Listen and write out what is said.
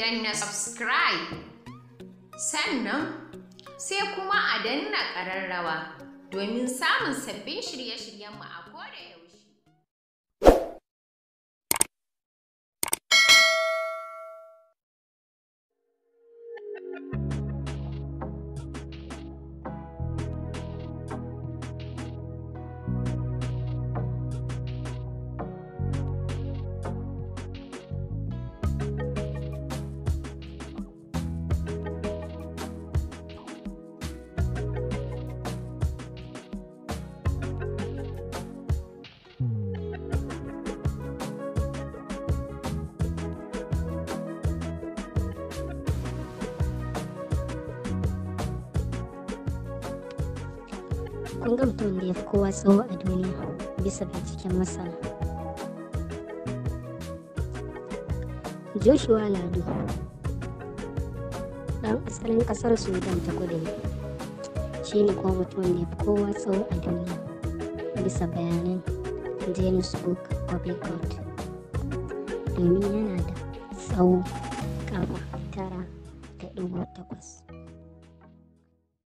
danna subscribe sannan sai kuma a danna ƙararrawa domin samun sabbin shirye-shiryenmu a koda yaushe. an ga mutumin da ya fi kowa tsawo a duniya bisa binciken masana joshua lado ɗan asalin ƙasar sudan ta kudu ne shi ne kuma mutumin da ya fi kowa tsawo a duniya bisa bayanan janus book of record domin yana da tsawo kama tara da ɗigo takwas